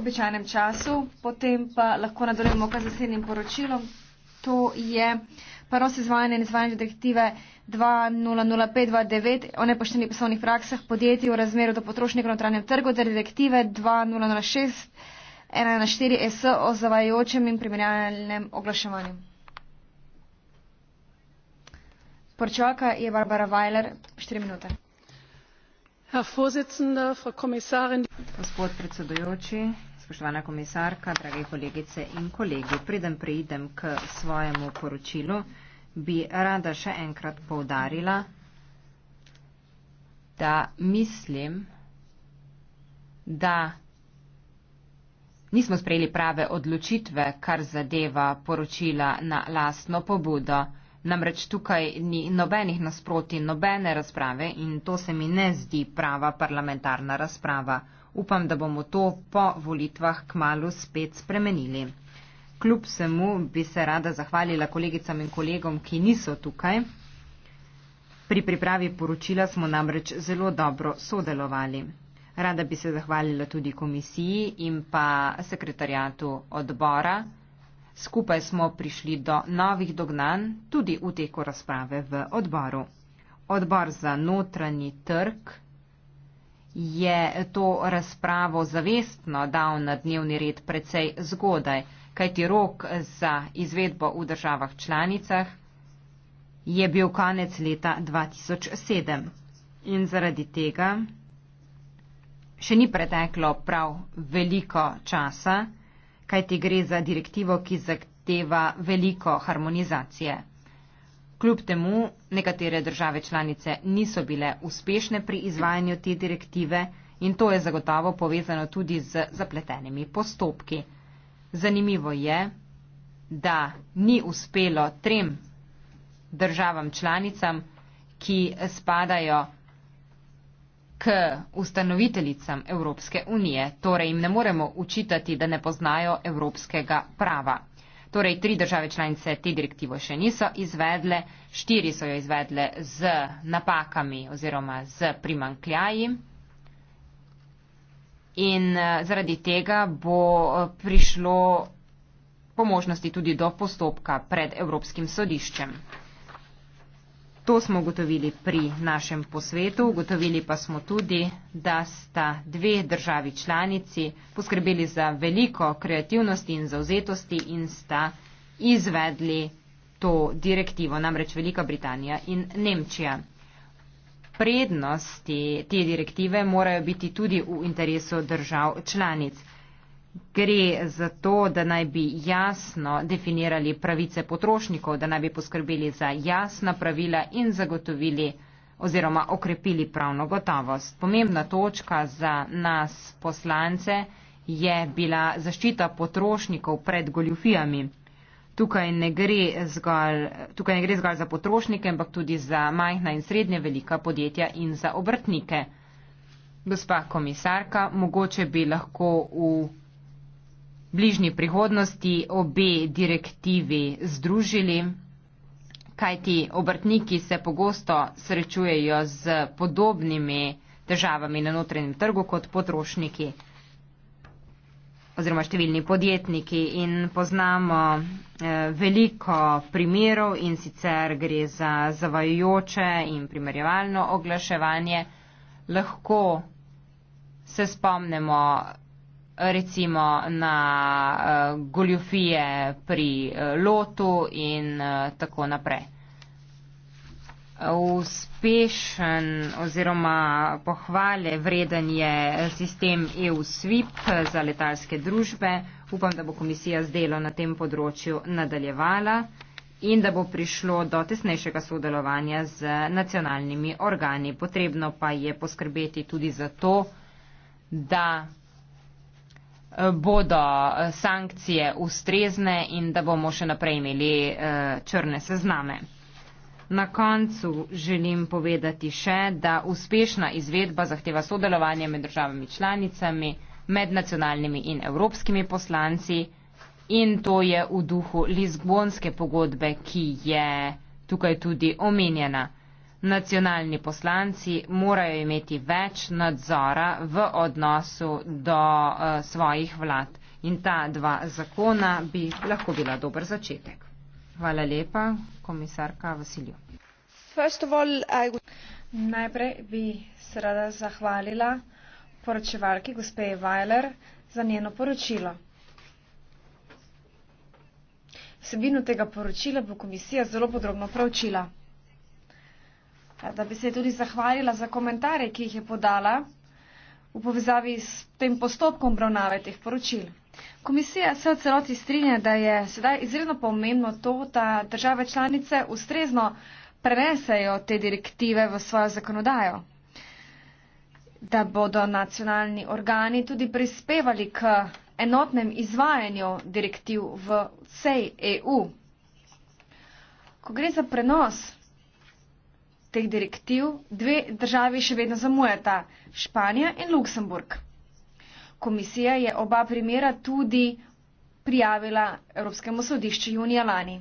običajnem času, potem pa lahko nadaljujemo kar z naslednjim poročilom. To je prenos izvajanja in izvajanja direktive 200529 o nepoštenih poslovnih praksah podjetij v razmeru do potrošnikov na notranjem trgu ter direktive 200614S o zavajajočem in primerjalnem oglaševanju. Poročevalka je Barbara Weiler, 4 minute gospod predsedujoči, spoštovana komisarka, drage kolegice in kolegi. Preden preidem k svojemu poročilu, bi rada še enkrat poudarila, da mislim, da nismo sprejeli prave odločitve, kar zadeva poročila na lastno pobudo. Namreč tukaj ni nobenih nasproti, nobene razprave in to se mi ne zdi prava parlamentarna razprava. Upam, da bomo to po volitvah k malu spet spremenili. Kljub vsemu bi se rada zahvalila kolegicam in kolegom, ki niso tukaj. Pri pripravi poročila smo namreč zelo dobro sodelovali. Rada bi se zahvalila tudi komisiji in pa sekretarjatu odbora. Skupaj smo prišli do novih dognanj tudi v teku razprave v odboru. Odbor za notranji trg je to razpravo zavestno dal na dnevni red precej zgodaj, kajti rok za izvedbo v državah članicah je bil konec leta 2007. In zaradi tega še ni preteklo prav veliko časa, kajti gre za direktivo, ki zahteva veliko harmonizacije. Kljub temu nekatere države članice niso bile uspešne pri izvajanju te direktive in to je zagotavo povezano tudi z zapletenimi postopki. Zanimivo je, da ni uspelo trem državam članicam, ki spadajo k ustanoviteljicam Evropske unije, torej jim ne moremo učitati, da ne poznajo evropskega prava. Torej, tri države članice te direktivo še niso izvedle, štiri so jo izvedle z napakami oziroma z primankljaji. In eh, zaradi tega bo eh, prišlo po možnosti tudi do postopka pred Evropskim sodiščem. To smo ugotovili pri našem posvetu. Ugotovili pa smo tudi, da sta dve državi članici poskrbeli za veliko kreativnosti in zauzetosti in sta izvedli to direktivo, namreč Velika Britanija in Nemčija. Prednosti te direktive morajo biti tudi v interesu držav članic gre za to, da naj bi jasno definirali pravice potrošnikov, da naj bi poskrbeli za jasna pravila in zagotovili oziroma okrepili pravno gotovost. Pomembna točka za nas poslance je bila zaščita potrošnikov pred goljufijami. Tukaj ne, zgolj, tukaj ne gre zgolj za potrošnike, ampak tudi za majhna in srednje velika podjetja in za obrtnike. Gospa komisarka, mogoče bi lahko v bližnji prihodnosti obe direktivi združili, kajti obrtniki se pogosto srečujejo z podobnimi težavami na notranjem trgu kot potrošniki oziroma številni podjetniki in poznamo eh, veliko primerov in sicer gre za zavajajoče in primerjevalno oglaševanje. Lahko se spomnimo recimo na uh, eh, goljofije pri uh, lotu in uh, tako naprej. Uspešen oziroma pohvale vreden je sistem EU-SWIP za letalske družbe. Upam, da bo komisija z delo na tem področju nadaljevala in da bo prišlo do tesnejšega sodelovanja z nacionalnimi organi. Potrebno pa je poskrbeti tudi za to, da bodo eh, sankcije ustrezne in da bomo še naprej imeli eh, črne sezname. Na koncu želim povedati še, da uspešna izvedba zahteva sodelovanje med državami članicami, med nacionalnimi in evropskimi poslanci in to je v duhu Lizbonske pogodbe, ki je tukaj tudi omenjena nacionalni poslanci morajo imeti več nadzora v odnosu do uh, svojih vlad. In ta dva zakona bi lahko bila dober začetek. Hvala lepa, komisarka Vasilju. All, I... Najprej bi se rada zahvalila poročevalki gospe Weiler za njeno poročilo. Vsebino tega poročila bo komisija zelo podrobno pravčila da bi se tudi zahvalila za komentarje, ki jih je podala v povezavi s tem postopkom obravnave teh poročil. Komisija se v celoti strinja, da je sedaj izredno pomembno to, da države članice ustrezno prenesejo te direktive v svojo zakonodajo, da bodo nacionalni organi tudi prispevali k enotnem izvajanju direktiv v vsej EU. Ko gre za prenos teh direktiv, dve državi še vedno zamujata, Španija in Luksemburg. Komisija je oba primera tudi prijavila Evropskemu sodišču junija lani.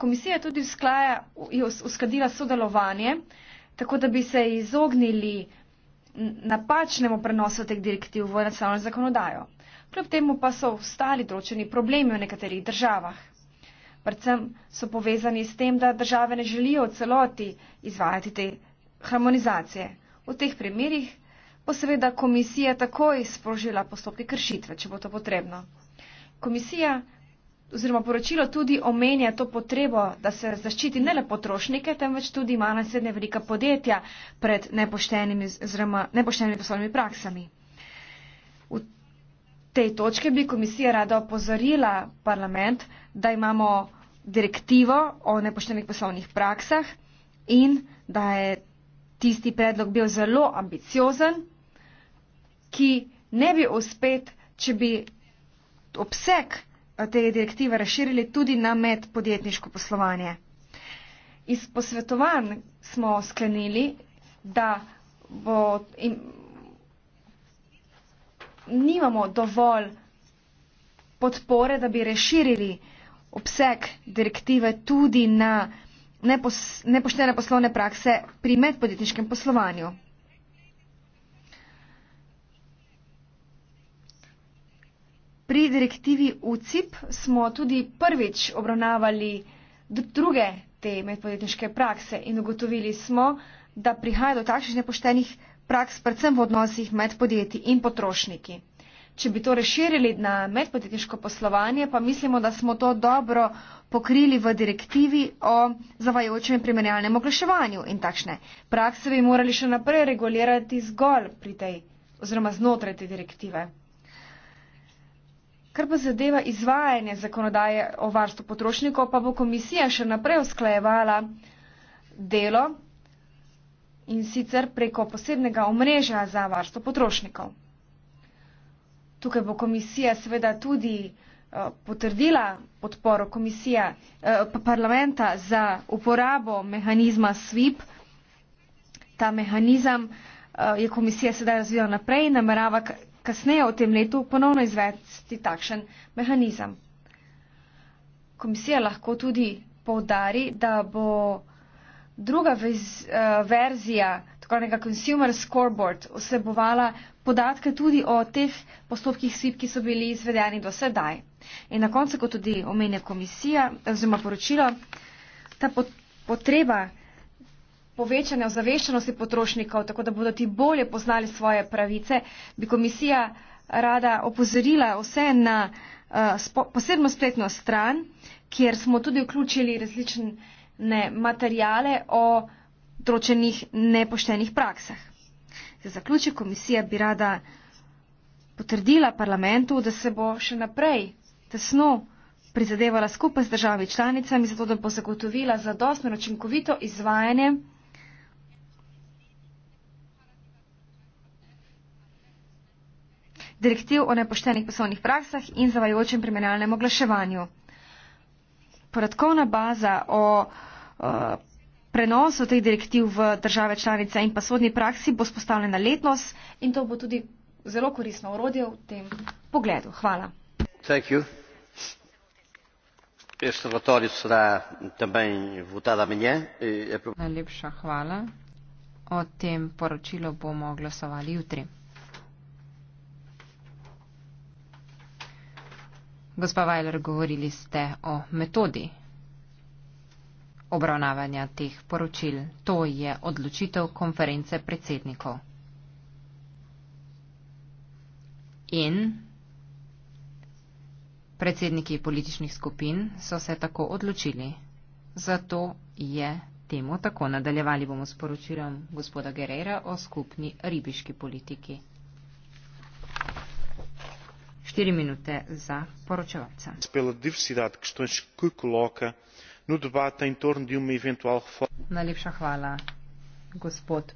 Komisija tudi sklaja, je tudi uskladila sodelovanje, tako da bi se izognili napačnemu prenosu teh direktiv v nacionalno zakonodajo. Kljub temu pa so ostali določeni problemi v nekaterih državah predvsem so povezani s tem, da države ne želijo v celoti izvajati te harmonizacije. V teh primerjih bo seveda komisija takoj sprožila postopke kršitve, če bo to potrebno. Komisija oziroma poročilo tudi omenja to potrebo, da se zaščiti ne le potrošnike, temveč tudi manj srednje velika podjetja pred nepoštenimi, oziroma, nepoštenimi poslovnimi praksami tej točki bi komisija rada opozorila parlament, da imamo direktivo o nepoštenih poslovnih praksah in da je tisti predlog bil zelo ambiciozen, ki ne bi uspet, če bi obseg eh, te direktive razširili tudi na med podjetniško poslovanje. Iz posvetovanj smo sklenili, da bo nimamo dovolj podpore, da bi reširili obseg direktive tudi na nepos, nepoštene poslovne prakse pri medpodjetniškem poslovanju. Pri direktivi UCIP smo tudi prvič obravnavali druge te medpodjetniške prakse in ugotovili smo, da prihaja do takšnih nepoštenih praks, predvsem v odnosih med podjetji in potrošniki. Če bi to reširili na medpodjetniško poslovanje, pa mislimo, da smo to dobro pokrili v direktivi o zavajočem in primerjalnem oglaševanju in takšne. Prakse bi morali še naprej regulirati zgolj pri tej oziroma znotraj te direktive. Kar pa zadeva izvajanje zakonodaje o varstvu potrošnikov, pa bo komisija še naprej usklajevala delo in sicer preko posebnega omrežja za varstvo potrošnikov. Tukaj bo komisija seveda tudi eh, potrdila podporo komisija eh, parlamenta za uporabo mehanizma SWIP. Ta mehanizem eh, je komisija sedaj razvila naprej in namerava kasneje v tem letu ponovno izvesti takšen mehanizem. Komisija lahko tudi poudari, da bo druga viz, uh, eh, verzija, tako neka consumer scoreboard, vsebovala podatke tudi o teh postopkih SWIP, ki so bili izvedeni do sedaj. In na koncu, kot tudi omenja komisija oziroma poročilo, ta potreba povečanja ozaveščenosti potrošnikov, tako da bodo ti bolje poznali svoje pravice, bi komisija rada opozorila vse na uh, spo, posebno spletno stran, kjer smo tudi vključili različne ne, materijale o tročenih nepoštenih praksah. Za zaključek komisija bi rada potrdila parlamentu, da se bo še naprej tesno prizadevala skupaj z državami članicami, zato da bo zagotovila zadostno in učinkovito izvajanje direktiv o nepoštenih poslovnih praksah in zavajočem primerjalnem oglaševanju. Poradkovna baza o Eh, prenosu teh direktiv v države članice in pa sodni praksi bo spostavljena letnost in to bo tudi zelo koristno orodje v tem pogledu. Hvala. E Najlepša hvala. O tem poročilu bomo glasovali jutri. Gospa Vajler, govorili ste o metodi obravnavanja teh poročil. To je odločitev konference predsednikov. In predsedniki političnih skupin so se tako odločili. Zato je temu tako. Nadaljevali bomo s poročilom gospoda Gerera o skupni ribiški politiki. Štiri minute za poročevalca no debata em torno de uma eventual reforma